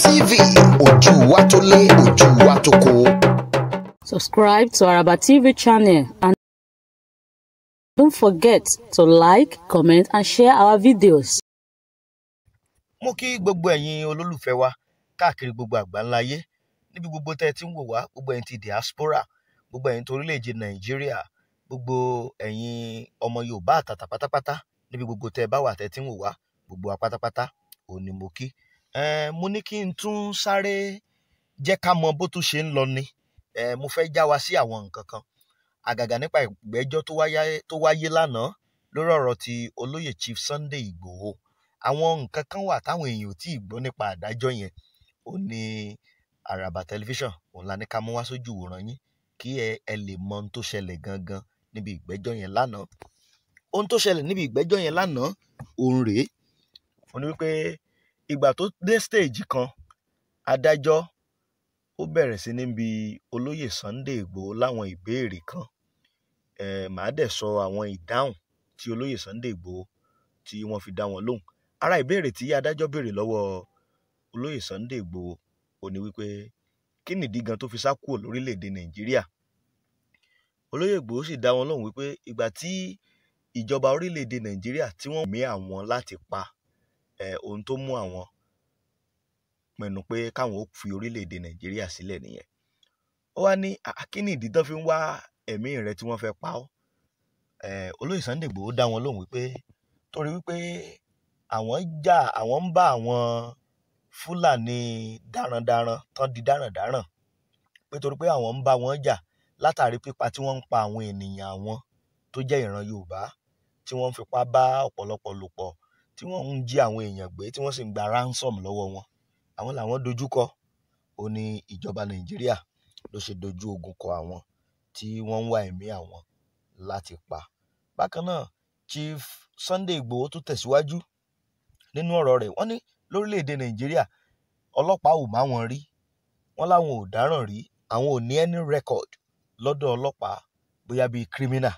TV ojú wa tó lé ojú wa tó kó. Subscribe to Araba TV channel and don't forget to like, comment and share our videos. Mo kí gbogbo ẹ̀yin olólùfẹ́ wa káàkiri gbogbo àgbáńlá níbi gbogbo tẹ́ ẹ ti ń wò wá gbogbo ẹ̀yin ti diaspora gbogbo ẹ̀yin tó orílẹ̀-èdè Nàìjíríà gbogbo ẹ̀yin ọmọ Yorùbá àtàtà pátápátá níbi gbogbo tẹ́ ẹ bá wà tẹ́ ẹ ti ń wò wá gbogbo wa pátápátá òun ni mo kí mo ní kí n tún sáré jẹ́ ká mọ bó tún ṣe ń lọ ni mo fẹ́ já wa sí àwọn nǹkan kan àgàgà nípa ìgbẹ́jọ́ tó wáyé lánàá lórí ọ̀rọ̀ ti olóyè Chief Sunday Ìgbòho àwọn nǹkan kan wà táwọn èèyàn ò tí ì gbọ́ nípa àdájọ́ yẹn ó ní Àràbà tẹlifíṣàn òun la ní ká mú wá sójú ìwòran yín kí ẹ lè mọ ohun tó ṣẹlẹ̀ gangan níbi ìgbẹ́jọ́ yẹn lánàá ohun tó ṣẹlẹ̀ níbi ìgbẹ́jọ́ yẹn lánàá òun rèé ó ní wípé ìgbà tó dé stage kan adájọ́ ó bẹ̀rẹ̀ sí ní olóyè Sunday Ìgbòho láwọn ìbéèrè kan um màá dẹ̀ sọ àwọn ìdáhùn tí olóyè Sunday Ìgbòho tí wọ́n fi dá wọn lóhùn ara ìbéèrè tí adájọ́ béèrè lọ́wọ́ olóyè Sunday Ìgbòho ò ní wípé kí nìdí gan tó fi sá kúrò lórílẹ̀‐èdè Nàìjíríà olóyè Ìgbòho sì dá wọn lóhùn wípé ìgbà tí ìjọba orílẹ̀‐èdè Nàìjíríà tí wọ́n mí àwọn láti pa um ohun tó mú àwọn pinnu pé káwọn ó fi orílẹ̀-èdè nàìjíríà sílẹ̀ nìyẹn ó wá ní kí ni ìdí tán fi ń wá ẹ̀mí rẹ tí wọ́n fẹ́ pa ọ́ um olóyè Sunday Igboho dá wọn lóhùn wípé torí wípé àwọn jà àwọn ń bá àwọn fúlàní darandaran tán di darandaran pé torí pé àwọn ń bá wọn jà látàrí pípa tí wọ́n ń pa àwọn ènìyàn àwọn tó jẹ́ ìran yorùbá tí wọ́n ń fipá bá ọ̀pọ̀lọpọ̀ lò pọ̀ tí wọ́n ń jí àwọn èèyàn gbé tí wọ́n sì ń gba ransom lọ́wọ́ wọn àwọn làwọn dojúkọ ó ní ìjọba nàìjíríà ló ṣe dojú ogun kọ àwọn tí wọ́n ń wá ẹ̀mí àwọn láti pa bákan náà Chief Sunday Igboho tó tẹ̀síwájú nínú ọ̀rọ̀ rẹ̀ wọ́n ní lórílẹ̀‐èdè nàìjíríà ọlọ́pàá ò má wọn rí wọ́n láwọn ò dáràn rí àwọn ò ní any record lọ́dọ̀ ọlọ́pàá bóyá bíi criminal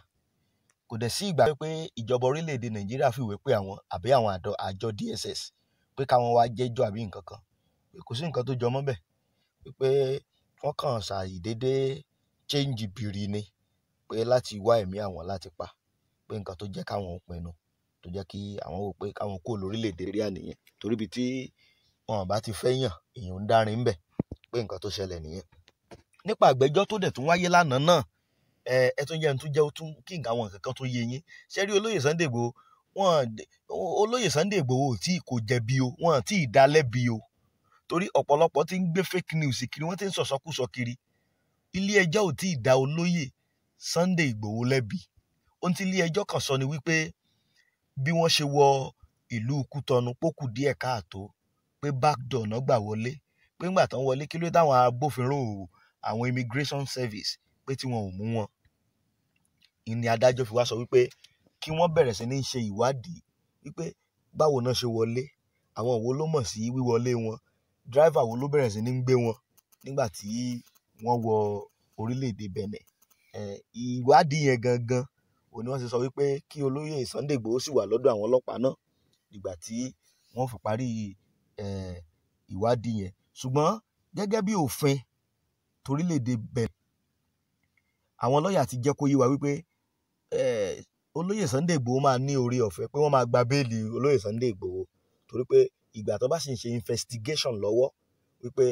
kò dẹ̀ sí ìgbà pé ìjọba orílẹ̀-èdè nàìjíríà fìwé pé àwọn àbí àwọn àjọ dss pé káwọn wá jẹ́jọ́ àbí nǹkan kan pé kò sí nǹkan tó jọ mọ́ bẹ́ẹ̀ wípé wọ́n kàn ṣàìdédé change bìrì ni pé láti wá ẹ̀mí àwọn láti pa pé nǹkan tó jẹ́ káwọn pinnu tó jẹ́ kí àwọn wò pé káwọn kó lórílẹ̀‐èdè rí àníyàn torí ibi tí wọn bá ti fẹ́ yàn èèyàn ń dárin ń bẹ̀ pé nǹkan tó ṣẹlẹ̀ nìyẹn. nípa àgbẹ́jọ́ tó dẹ̀ tún wáyé lánàá náà ẹ ẹ tún jẹ́ ní tún jẹ́ ó tún kí nǹkan àwọn nǹkan kan tó yé yín ṣé rí olóyè Sunday Igboho wọn olóyè Sunday Igboho tí kò jẹ̀bi o wọn tí ì dá lẹ́bi o torí ọ̀pọ̀lọpọ̀ ti ń gbé fake news kiri wọ́n ti ń sọ̀sọ́kùsọ kiri ilé ẹjọ́ ò tí ì dá olóyè Sunday Igboho lẹ́bi ohun tí ilé ẹjọ́ kan sọ ni wípé bí wọ́n ṣe wọ ìlú Kútọ̀nù pókù díẹ̀ káàtó pé backdoor náà gbà wọlé pé ńgbà tán wọlé kí ló dáwọn agbófinró àwọn immigration service pé tí wọn ò mú wọn ìní adájọ́ fi wá sọ wípé kí wọ́n bẹ̀rẹ̀ sí ní ṣe ìwádìí wípé báwo náà ṣe wọlé àwọn wo ló mọ̀ sí wíwọlé wọn dráìvà wo ló bẹ̀rẹ̀ sí ní gbé wọn nígbà tí wọ́n wọ orílẹ̀-èdè Benin ìwádìí yẹn gangan òní wọ́n ti sọ wípé kí olóyè Sunday Igboho sì wà lọ́dọ̀ àwọn ọlọ́pàá náà ìgbà tí wọ́n fi parí ìwádìí yẹn ṣùgbọ́n gẹ́gẹ́ bí òfin torílẹ̀-èdè Benin àwọn lọ́ọ̀yà ti jẹ́ kó yé wa wípé olóyè Sunday Igboho máa ní oore ọ̀fẹ́ pé wọ́n máa gba béèlì olóyè Sunday Igboho torí pé ìgbà tó bá sì ń ṣe investigation lọ́wọ́ wípé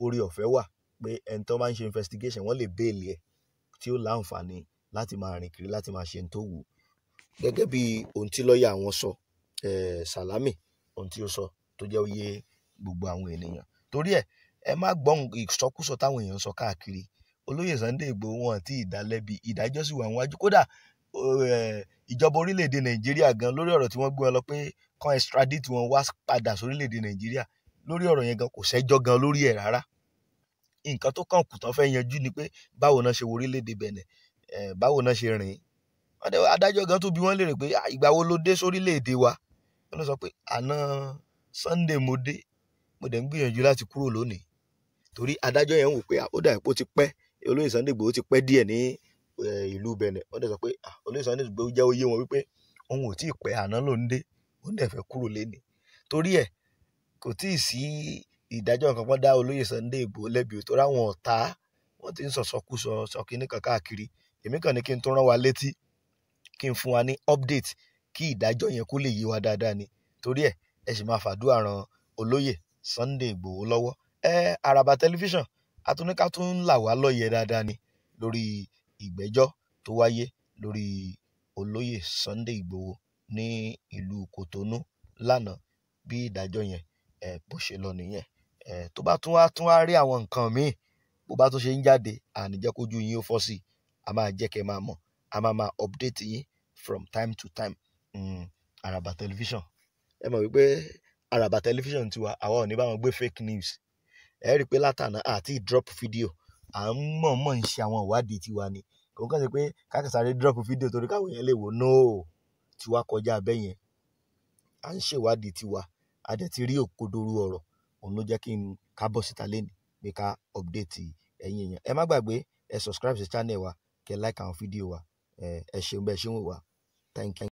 oore ọ̀fẹ́ wà pé ẹni tó bá ń ṣe investigation wọ́n lè béèlì ẹ̀ tí ó láǹfààní láti máa rìn kiri láti máa ṣe ní tó wù ú. gẹ́gẹ́ bí ohun tí lọ́ọ̀yà wọn sọ Salami ohun tí ó sọ tó jẹ́ ó yé gbogbo àwọn ènìyàn torí ẹ̀ ẹ má gbọ́n ìsọkúsọ táwọn èèyàn sọ káàkiri olóyè Sunday Igboho wọn àti ìdálẹ́bi ìdájọ́ sì wà níwájú kódà eh, ìjọba orílẹ̀-èdè nàìjíríà gan lórí ọ̀rọ̀ tí wọ́n gbé wọn lọ pé kan extradite wọn wá padà sórílẹ̀-èdè nàìjíríà lórí ọ̀rọ̀ yẹn gan kò ṣẹ́jọ́ gan lórí ẹ̀ rárá nǹkan tó kàn kù tán fẹ́ yanjú ni pé báwo náà ṣe wo orílẹ̀-èdè bẹ̀nẹ̀ eh, báwo náà ṣe rìn adájọ́ gan tó bi wọ́n léèrè pé ah, ìgbà wo ló dé sórílẹ̀-èdè wa wọ́n lọ sọ pé àná Sunday mo dé mo dẹ̀ ń gbìyànjú láti kúrò lónìí torí adájọ́ yẹn wò pé ah, ó dà pé ó ti pẹ́ olóyè Sunday Igboho ti pẹ́ díẹ̀ ní ìlú Benin wọ́n dẹ̀ sọ pé ah, olóyè Sunday Igboho jẹ́ oyé wọn wípé òun ò tí ì pẹ́ àná ló ń dé òun dẹ̀ fẹ́ kúrò lẹ́ni torí ẹ̀ kò tí ì sí ìdájọ́ nǹkan kan dá olóyè Sunday Igboho lẹ́bi torí àwọn ọ̀tá wọ́n ti ń sọ̀sọkúsọ sọkíní káàkiri èmi kàn ní kí n tún rán wa létí kí n fún wa ní update kí ìdájọ́ yẹn kó lè yé wa dáadáa ni torí ẹ̀ ẹ sì máa fàdúrà ran olóyè Sunday Igboho lọ́wọ́ ẹ Àràbà tẹlifíṣàn atúnika tún ń là wá lóye dáadáa ni lórí ìgbẹ́jọ́ tó wáyé lórí olóyè Sunday Igboho ní ìlú Kòtónú lánàá bí ìdájọ́ yẹn bó ṣe lọ nìyẹn tó bá tún wá tún wá rí àwọn nǹkan míì bó bá tún ṣe ń jáde àníjẹ́ yín ó fọ́ sí i a máa jẹ́ kẹ́ máa mọ̀ a máa máa update yín from time to time mm, Àràbà tẹlifíṣàn ẹ mọ̀ wípé Àràbà tẹlifíṣàn tiwa àwa ò ní bá gbé fake news ẹ rí i pé látànà àti drop fídíò à ń mọ̀ọ́mọ̀ ń ṣe àwọn ìwádìí tiwa ni kò ń kàn sí pé kákàsáré drop fídíò torí káwọn èèyàn lè wò no tiwa kọjá abẹ́ yẹn à ń ṣèwádìí tiwa a dẹ̀ ti rí òkodoro ọ̀rọ̀ òun ló jẹ́ kí n kábọ̀ síta lẹ́nu pé ká update ẹ̀yin èèyàn ẹ má gbàgbé ẹ subscribe sí channel wa kẹ́ like àwọn fídíò wa ẹ ṣeun bẹ́ẹ̀ ṣe ń thank you.